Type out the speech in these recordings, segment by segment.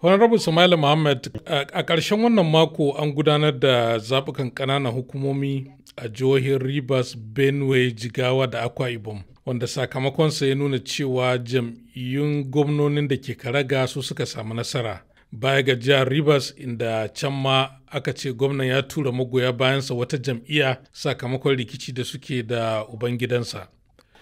Honorable Sumaila Muhammad a ƙarshen wannan mako an gudanar da zaɓukan ƙananan hukumomi a jihohin Rivers, Benue, Jigawa da Akwa Ibom. Wanda sakamakonsa ya nuna cewa jam'iyyun gwamnonin da ke karaga su suka samu nasara. Baya ga jihar Rivers inda can ma aka ce gwamnan ya tura magoya bayansa wata jam'iyya sakamakon rikici da suke da ubangidansa.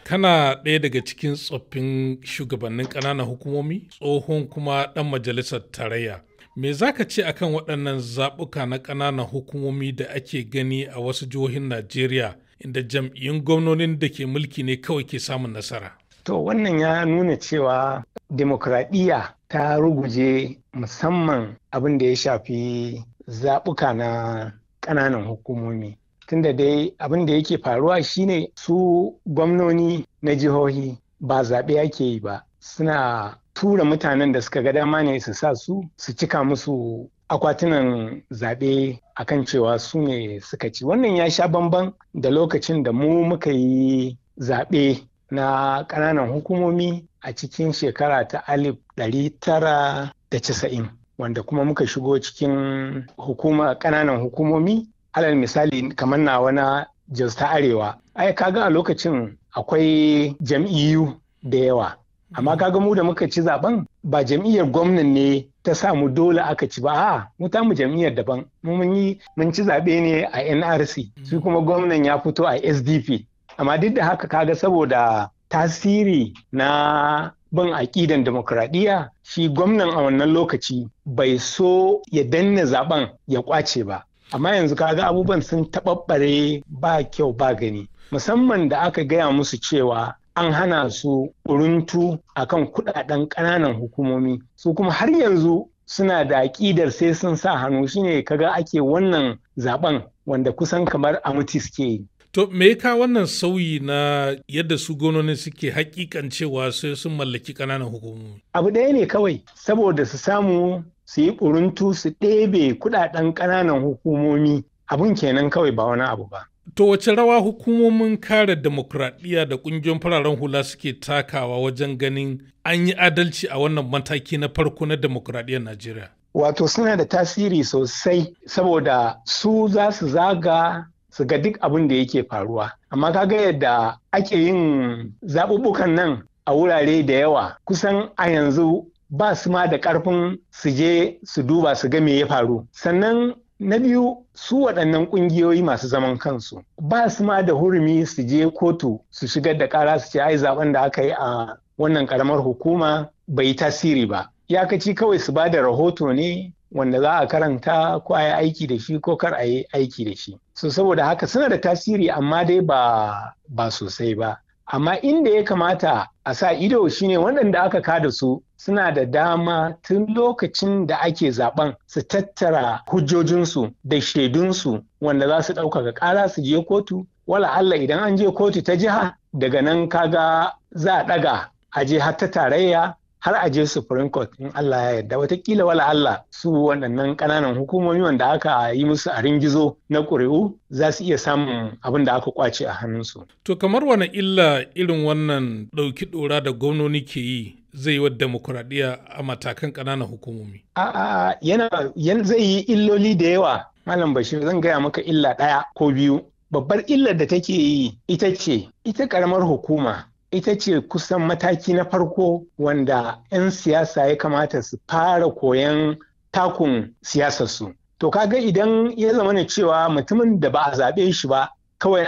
Kana ɗaya daga cikin tsoffin shugabannin ƙananan hukumomi, tsohon kuma ɗan majalisar tarayya. Me za ka ce akan waɗannan zaɓuka na ƙananan hukumomi da ake gani a wasu jihohin Najeriya inda jam'iyyun gwamnonin da ke mulki ne kawai ke samun nasara? To wannan ya nuna cewa demokradiyya ta ruguje musamman abin da ya shafi zaɓuka na ƙananan hukumomi. tunda dai abin da yake faruwa shine su gwamnoni na jihohi ba zaɓe ake yi ba suna tura mutanen da suka ga dama ne su sa su su cika musu akwatunan zaɓe a kan cewa su ne suka ci wannan ya sha bamban da lokacin da mu muka yi zaɓe na ƙananan hukumomi a cikin shekara ta alif ɗari tara da casa'in wanda kuma muka shigo cikin hukuma ƙananan hukumomi alal misali kamar na wani jos ta arewa ai kaga a lokacin akwai jam'iyyu da yawa amma kaga mu da muka ci zaben ba jam'iyyar gwamnan ne ta samu dole aka ci ba a mu ta mu jam'iyyar daban mun yi mun ci zaɓe ne a NRC su kuma gwamnan ya fito a SDP amma duk da haka kaga saboda tasiri na bin aƙidan demokradiyya shi gwamnan a wannan lokaci bai so ya danne zaben ya kwace ba amma yanzu kaga abubuwan sun taɓaɓɓare ba kyau ba gani musamman da aka gaya musu cewa an hana su ƙuruntu a kan kudaden ƙananan hukumomi su kuma har yanzu suna da aƙidar sai sun sa hannu shine kaga ake wannan zaɓen wanda kusan kamar amuti suke yi To me ka wannan sauyi na yadda su gwamnoni suke hakikan cewa sai sun mallaki ƙananan hukumomi? Abu ɗaya ne kawai saboda su samu su yi ƙuruntu su ɗebe kuɗaɗen ƙananan hukumomi abun kenan kawai ba wani abu ba. To wace rawa hukumomin kare demokuraɗiyya da ƙungiyoyin fararen hula suke takawa wajen ganin an yi adalci a wannan mataki na farko na demokuraɗiyyar Najeriya? Wato suna da tasiri sosai saboda su za su zaga su ga duk abin da yake faruwa amma ka ga yadda ake yin zaɓuɓɓukan nan a wurare da yawa kusan a yanzu ba su ma da ƙarfin su je su duba su ga me ya faru sannan na biyu su waɗannan ƙungiyoyi masu zaman kansu ba su ma da hurumi su je kotu su shigar da ƙara su ce ai zaɓen da aka yi a wannan ƙaramar hukuma bai tasiri ba Ya yakaci kawai su ba da rahoto ne wanda za a karanta ko a yi aiki da shi ko kar a yi aiki da shi so saboda haka suna da tasiri amma dai ba ba sosai ba amma inda ya kamata a sa ido shine waɗanda aka kada su suna da dama tun lokacin da ake zaben su tattara hujjojinsu da shaidunsu wanda za su ɗaukaka ƙara su je kotu wala Allah idan an je kotu ta jiha daga nan kaga za a ɗaga a je har ta tarayya har a je Supreme Court in Allah ya yarda watakila wala Allah su waɗannan ƙananan hukumomi wanda aka yi musu a ringizo na ƙuri'u za su iya samun abin da aka kwace a hannunsu. To kamar wani illa irin wannan ɗauki ɗora da gwamnoni ke yi zai yi wa demokuraɗiyya a matakan ƙananan hukumomi? A'a yana zai yi illoli da yawa Malam Bashir zan gaya maka illa ɗaya ko biyu. Babbar illar da take yi ita ce ita ƙaramar hukuma ita ce kusan mataki na farko wanda 'yan siyasa ya kamata su fara koyan takun siyasarsu. To kaga idan ya zama na cewa mutumin da ba a zaɓe shi ba kawai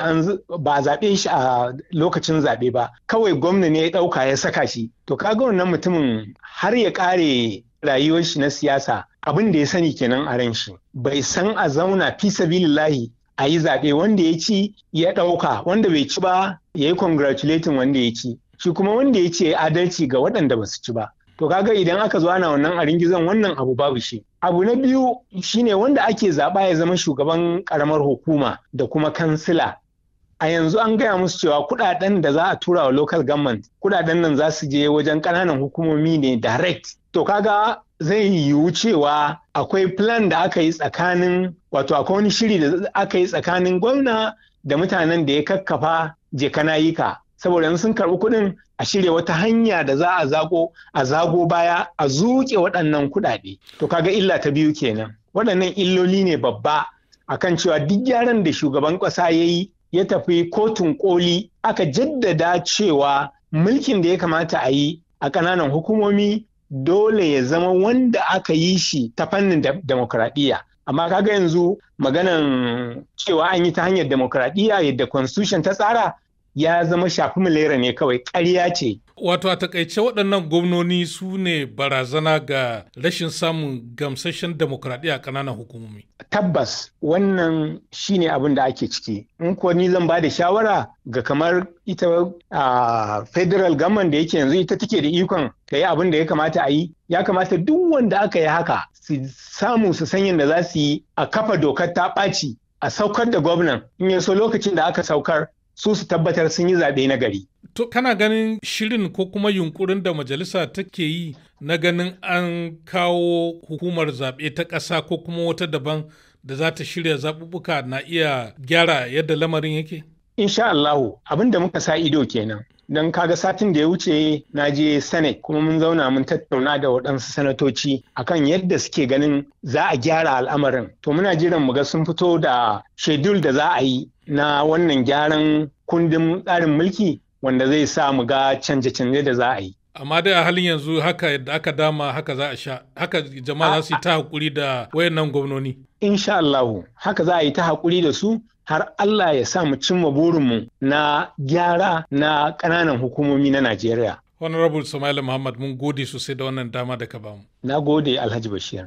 ba a zaɓe shi a lokacin zaɓe ba kawai gwamna ne ya ɗauka ya saka shi to kaga wannan mutumin har ya ƙare rayuwar shi na siyasa abin da ya sani kenan a ran shi bai san a zauna fi sabilillahi a yi zaɓe wanda ya ci ya ɗauka wanda bai ci ba ya yi congratulating wanda ya ci shi kuma wanda ya ce adalci ga waɗanda ba su ci ba to kaga idan aka zo ana wannan a ringizan wannan abu babu shi abu na biyu shine wanda ake zaɓa ya zama shugaban ƙaramar hukuma da kuma kansila a yanzu an gaya musu cewa kuɗaɗen da za a tura wa local government kuɗaɗen nan za su je wajen ƙananan hukumomi ne direct to kaga zai yiwu cewa akwai plan da aka yi tsakanin wato akwai wani shiri da aka yi tsakanin gwamna da mutanen da ya kakkafa jekanayika saboda sun karɓi kuɗin a shirya wata hanya da za a zago a zago baya a zuke waɗannan kuɗaɗe to kaga illa ta biyu kenan waɗannan illoli ne babba akan cewa duk gyaran da shugaban ƙasa ya yi ya tafi kotun koli aka jaddada cewa mulkin da ya kamata a yi a ƙananan hukumomi dole ya zama wanda aka yi shi ta fannin demokradiyya amma kaga yanzu maganan cewa an yi ta hanyar demokradiyya yadda constitution ta tsara ya zama shafi milera ne kawai ƙarya ce. Wato a takaice waɗannan gwamnoni su ne barazana ga rashin samun gamsashen demokradiyya a ƙananan hukumomi. Tabbas wannan shi ne abin da ake ciki. In ko ni zan ba da shawara ga kamar ita a federal government da yake yanzu ita take da ikon ka yi abin da ya kamata a yi. Ya kamata duk wanda aka yi haka su samu su san yadda za su yi a kafa dokar ta ɓaci a saukar da gwamnan in ya so lokacin da aka saukar su su tabbatar sun yi zaɓe na gari. To kana ganin shirin ko kuma yunkurin da majalisa take yi na ganin an kawo hukumar zaɓe ta ƙasa ko kuma wata daban da za ta shirya zaɓuɓɓuka na iya gyara yadda lamarin yake? insha Allahu abin da muka sa ido kenan don kaga satin da ya wuce na je senate kuma mun zauna mun tattauna da waɗansu sanatoci akan yadda suke ganin za a gyara al'amarin to muna jiran mu ga sun fito da shedul da za a yi na wannan gyaran kundin tsarin mulki wanda zai sa mu ga canje-canje da za a yi amma dai a halin yanzu haka yadda aka dama haka za a sha haka jama'a za su yi ta hakuri da wayannan gwamnoni insha Allah haka za a yi ta hakuri da su har Allah ya sa mu cimma burinmu na gyara na ƙananan hukumomi na Najeriya. Honorable Sumaila Muhammad mun gode sosai da wannan dama da ka bamu. Na gode Alhaji Bashir.